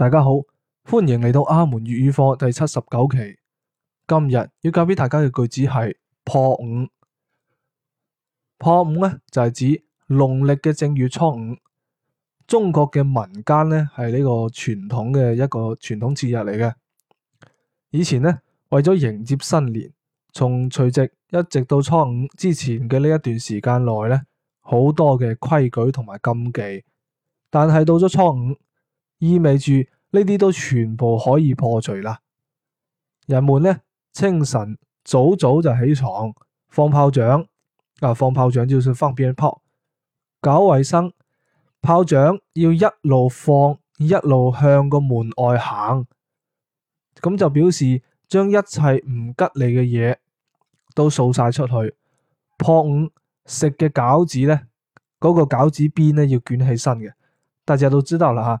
大家好，歡迎嚟到阿門粵語課第七十九期。今日要教俾大家嘅句子係破五。破五咧就係指農曆嘅正月初五，中國嘅民間咧係呢個傳統嘅一個傳統節日嚟嘅。以前呢，為咗迎接新年，從除夕一直到初五之前嘅呢一段時間內咧，好多嘅規矩同埋禁忌，但係到咗初五。意味住呢啲都全部可以破除啦。人們咧清晨早早就起床放炮仗，啊放炮仗就算放鞭炮，搞衛生。炮仗要一路放，一路向個門外行，咁就表示將一切唔吉利嘅嘢都掃晒出去。破五食嘅餃子咧，嗰個餃子邊咧要捲起身嘅，大家都知道啦吓。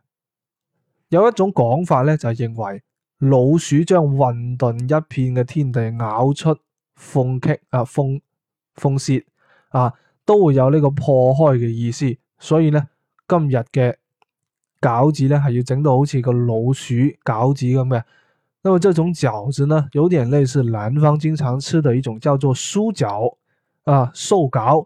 有一種講法咧，就認為老鼠將混沌一片嘅天地咬出縫隙啊，縫縫啊，都會有呢個破開嘅意思。所以咧，今日嘅餃子咧係要整到好似個老鼠餃子咁嘅。因為這種餃子呢，有點類似南方經常吃的一種叫做酥餃啊，酥餃。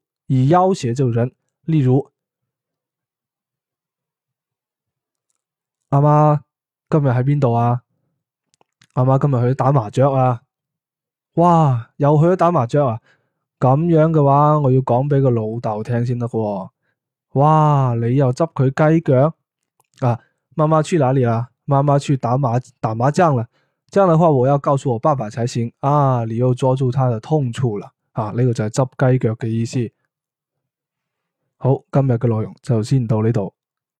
以要挾就人，例如阿媽今日喺邊度啊？阿媽今日去打麻雀啊？哇，又去咗打麻雀啊？咁樣嘅話，我要講俾個老豆聽先得喎、哦。哇，你又執佢雞腳啊？媽媽去哪裏啦，啊？媽媽去打麻打麻將啦。這樣的話，我要告訴我爸爸才行。啊，你又抓住他的痛處了啊？呢、這個就係執雞腳嘅意思。好，今日嘅內容就先到呢度。